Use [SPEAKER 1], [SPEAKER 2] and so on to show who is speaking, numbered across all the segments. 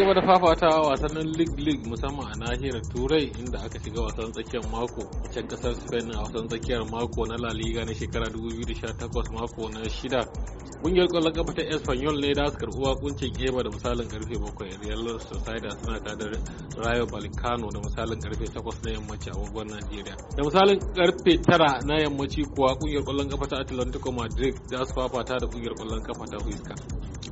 [SPEAKER 1] gaba da fafatawa wasannin league league musamman a nahiyar turai inda aka shiga wasan tsakiyar mako a can kasar spain a wasan tsakiyar mako na la liga na shekara 2018 mako na shida kungiyar kwallon kafa ta espanyol ne da su karbi wakuncin eba da misalin karfe 7 real sociedad suna ta rayo balkano da misalin karfe 8 na yammaci a wagon nigeria da misalin karfe 9 na yammaci kuwa kungiyar kwallon kafa ta atlantico madrid za su fafata da kungiyar kwallon kafa ta huiska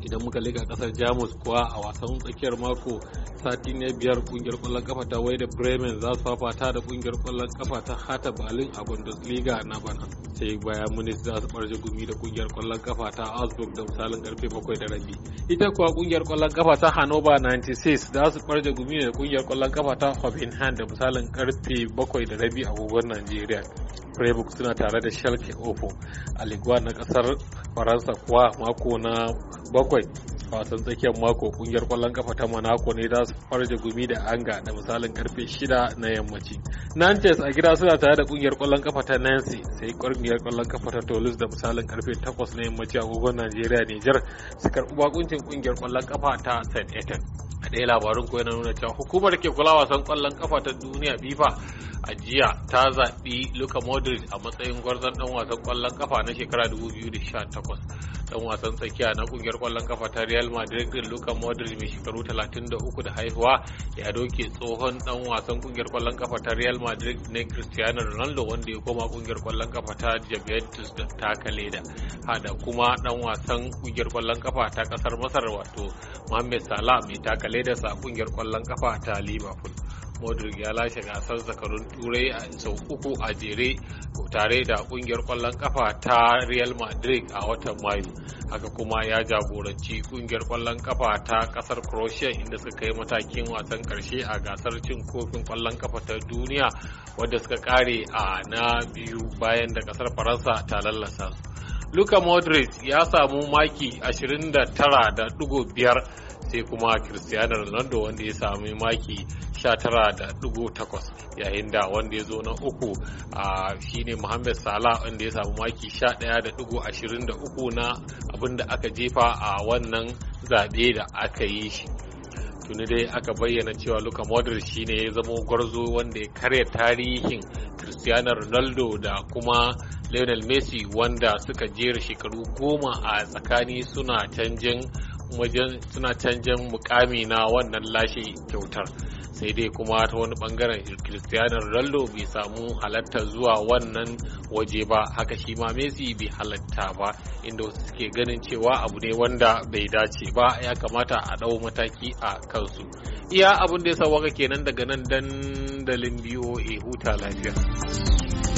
[SPEAKER 1] idan muka liga kasar jamus kuwa a wasan tsakiyar mako sati na biyar kungiyar kwallon kafa ta wai da bremen za su fafata da kungiyar kwallon kafa ta hata balin a bundesliga na bana sai baya munich za su barje gumi da kungiyar kwallon kafa ta augsburg da misalin karfe bakwai da rabi ita kuwa kungiyar kwallon kafa ta hannover 96 za su barje gumi da kungiyar kwallon kafa ta hoffenheim da misalin karfe bakwai da rabi a gogon najeriya freiburg suna tare da schalke 0 a liguwa na kasar faransa kuwa mako na bakwai wasan tsakiyar mako kungiyar kwallon kafa ta monaco ne za su da gumi da anga da misalin karfe shida na yammaci nantes a gida suna tare da kungiyar kwallon kafa ta nancy sai kungiyar kwallon kafa ta toulouse da misalin karfe 8 na yammaci a gogon nigeria niger su karbi bakuncin kungiyar kwallon kafa ta st etienne a ɗaya labarin ko yana nuna cewa hukumar ke kula wasan kwallon kafa ta duniya fifa a jiya ta zaɓi Luka Modric a matsayin gwarzon ɗan wasan ƙwallon kafa na shekara 2018. ɗan wasan tsakiya na ƙungiyar ƙwallon kafa ta Real Madrid din Luka Modric mai shekaru 33 da haihuwa ya doke tsohon ɗan wasan ƙungiyar ƙwallon kafa ta Real Madrid na Cristiano Ronaldo wanda ya koma ƙungiyar ƙwallon kafa ta Juventus da taka leda hada kuma ɗan wasan ƙungiyar ƙwallon kafa ta ƙasar Masar wato Mohamed Salah mai taka leda sa ƙungiyar ƙwallon kafa ta Liverpool modric ya lashe gasar zakarun turai a sau uku a jere tare da kungiyar kwallon kafa ta real madrid a watan mayu haka kuma ya jagoranci kungiyar kwallon kafa ta kasar croatia inda suka kai matakin wasan karshe a gasar cin kofin kwallon kafa ta duniya wadda suka kare a na biyu bayan da kasar faransa ta lallasa su luka modric ya samu maki 29.5 sai kuma cristiano ronaldo wanda ya sami maki 19.8 yayin da wanda ya zo na uku a shine mohamed salah wanda ya samu maki 11.23 na abinda aka jefa a wannan zaɓe da aka yi shi tuni dai aka bayyana cewa luka modric shine ya zamo gwarzo wanda ya karya tarihin cristiano ronaldo da kuma lionel messi wanda suka jera shekaru goma a tsakani suna canjin wajen suna canjin mukami na wannan lashe kyautar sai dai kuma ta wani bangaren cristiano ronaldo bai samu halatta zuwa wannan waje ba haka shi ma messi bai halatta ba inda wasu suke ganin cewa abu ne wanda bai dace ba ya kamata a ɗau mataki a kansu iya abin da ya sa waka kenan daga nan dandalin boa huta lafiya